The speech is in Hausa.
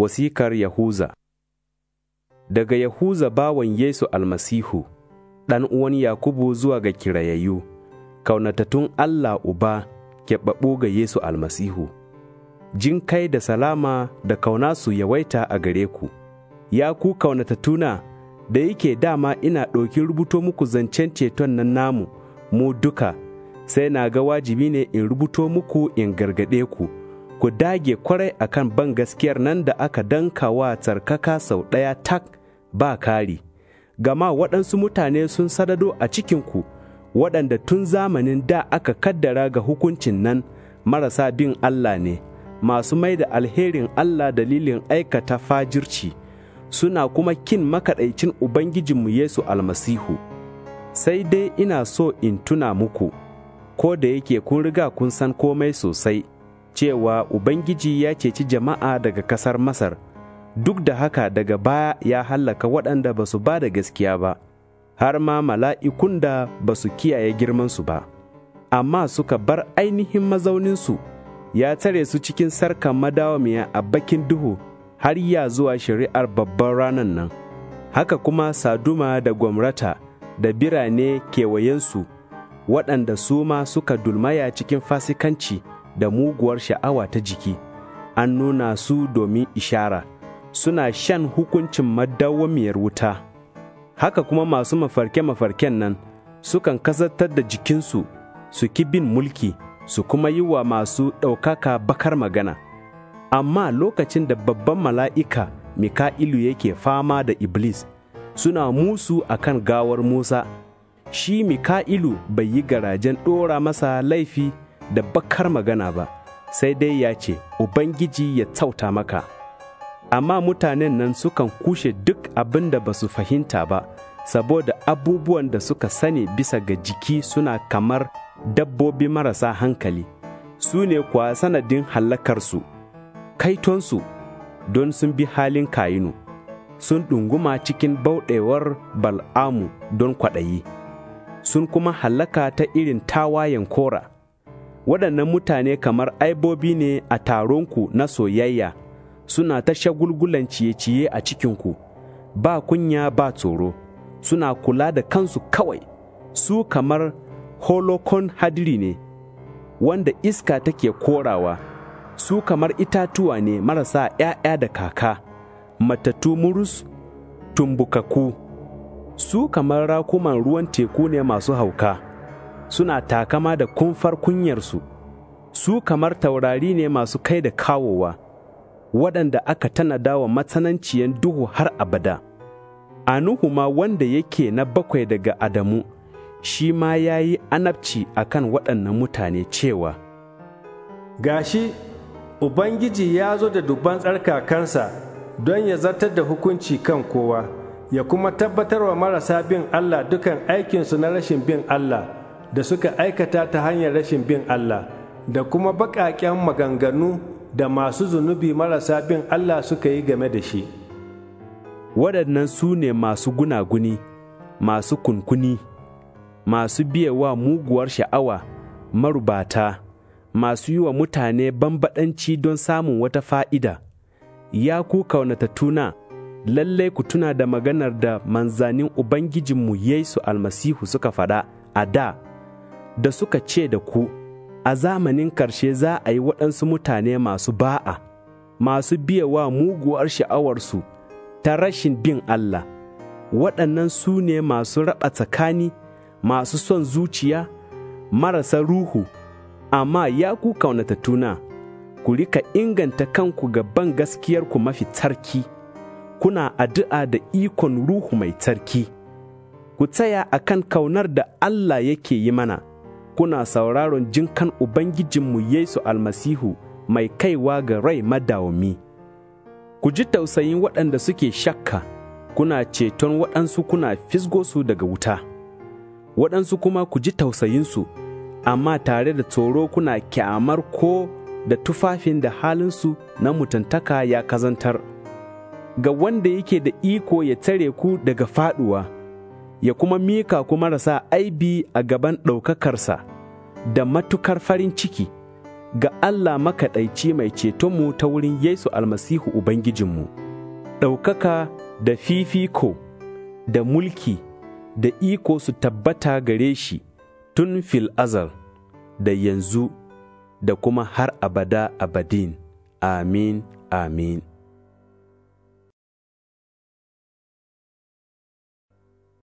Wasikar Yahuza Daga Yahuza bawan Yesu almasihu, ɗan uwan Yakubu zuwa ga kirayayyu, kaunatattun Allah Uba keɓaɓɓu ga Yesu almasihu. Jin kai da salama da kauna su yawaita a gare ku, ya ku kaunatattuna da yake dama ina ɗauki rubuto muku zancen ceton nan namu, mu duka, sai na ga wajibi ne in rubuto muku in gargaɗe ku. ku dage kwarai akan ban gaskiyar nan da aka danka wa tsarkaka sau ɗaya tak ba kari, gama waɗansu mutane sun sadado a cikinku waɗanda tun zamanin da aka kaddara ga hukuncin nan marasa bin Allah ne, masu mai da alherin Allah dalilin aikata fajirci, suna kuma kin makaɗaicin Ubangijinmu Yesu almasihu. Sai dai ina so in tuna muku, ko da yake kun riga kun san komai sosai. cewa Ubangiji ya ceci jama'a daga ƙasar Masar, duk da haka daga baya ya hallaka waɗanda ba su ba da gaskiya ba, har ma mala'ikun da ba su kiyaye girmansu ba, amma suka bar ainihin mazauninsu ya tare su cikin sarkan madawamiya a bakin duhu har ya zuwa shari'ar babban ranar nan. Haka kuma Saduma da Gwamrata da birane kewayensu waɗanda su ma suka dulmaya cikin fasikanci. da muguwar sha'awa ta jiki, an nuna su domin ishara, suna shan hukuncin madawwamiyar wuta. Haka kuma masu mafarke-mafarken nan sukan kasantar da jikinsu su ki bin mulki su kuma yi wa masu ɗaukaka bakar magana. Amma lokacin da babban mala'ika Mika'ilu yake fama da Iblis, suna musu akan gawar Musa. shi Mika'ilu bai yi garajen ɗora masa laifi da bakar magana ba, sai dai ya ce, Ubangiji ya tsauta maka. Amma mutanen nan sukan kushe duk abin da ba su fahimta ba, saboda abubuwan da suka sani bisa ga jiki suna kamar dabbobi marasa hankali, su ne kuwa sanadin hallakarsu, kaitonsu don sun bi halin kayinu, sun ɗunguma cikin bauɗewar bal'amu don kwaɗayi, sun kuma hallaka ta irin tawayen kora. waɗannan mutane kamar aibobi ne a taronku na soyayya suna ta shagulgulan ciye-ciye a cikinku, ba kunya ba tsoro, suna kula da kansu kawai, su kamar holokon hadiri ne, wanda iska take korawa, su kamar itatuwa ne marasa ‘ya'ya da kaka, matattu murus, tumbukaku, su kamar rakuman ruwan teku ne masu hauka. suna takama da kumfar kunyarsu, su kamar taurari ne masu kai da kawowa, waɗanda aka tanada wa matsananciyan duhu har abada. A nuhu ma wanda yake na bakwai daga Adamu, shi ma ya yi anabci a kan waɗannan mutane cewa, Gashi, Ubangiji ya zo da dubban tsarkakansa don ya zartar da hukunci kan kowa, ya kuma tabbatar wa marasa bin Allah dukan aikinsu na rashin bin Allah. da suka aikata ta hanyar rashin bin Allah da kuma baƙaƙen maganganu da masu zunubi marasa bin Allah suka yi game da shi. Waɗannan su ne masu gunaguni, masu kunkuni, masu biyewa muguwar sha'awa, marubata, masu yi wa mutane bambaɗanci don samun wata fa'ida. Ya ku tuna. lallai ku tuna da maganar da manzanin Ubangijinmu Yesu almasihu suka faɗa a da. da suka ce da ku, A zamanin ƙarshe za a yi waɗansu mutane masu ba'a, masu biyawa muguwar sha'awarsu ta rashin bin Allah, waɗannan su ne masu raɓa tsakani, masu son zuciya, marasa ruhu, amma ya ku tuna. ku rika inganta kanku ga gaban gaskiyarku mafi tsarki, kuna addu'a da ikon ruhu mai tsarki. Ku tsaya a kan kaunar da Allah yake yi mana. kuna sauraron jinkan Ubangijinmu Yesu almasihu mai kaiwa ga rai madawami. Ku ji tausayin waɗanda suke shakka, kuna ceton waɗansu kuna fisgo su daga wuta, waɗansu kuma ku ji tausayinsu, amma tare da tsoro kuna kyamar ko da tufafin da halinsu na mutuntaka ya kazantar. Ga wanda yake da iko ya tare ku daga faɗuwa. ya kuma mika ku marasa aibi a gaban ɗaukakarsa da matukar farin ciki ga Allah makaɗaici mai cetonmu ta wurin Yesu almasihu Ubangijinmu, ɗaukaka da fifiko da mulki da iko su tabbata gare shi tun fil azal da yanzu da kuma har abada abadin. Amin, amin.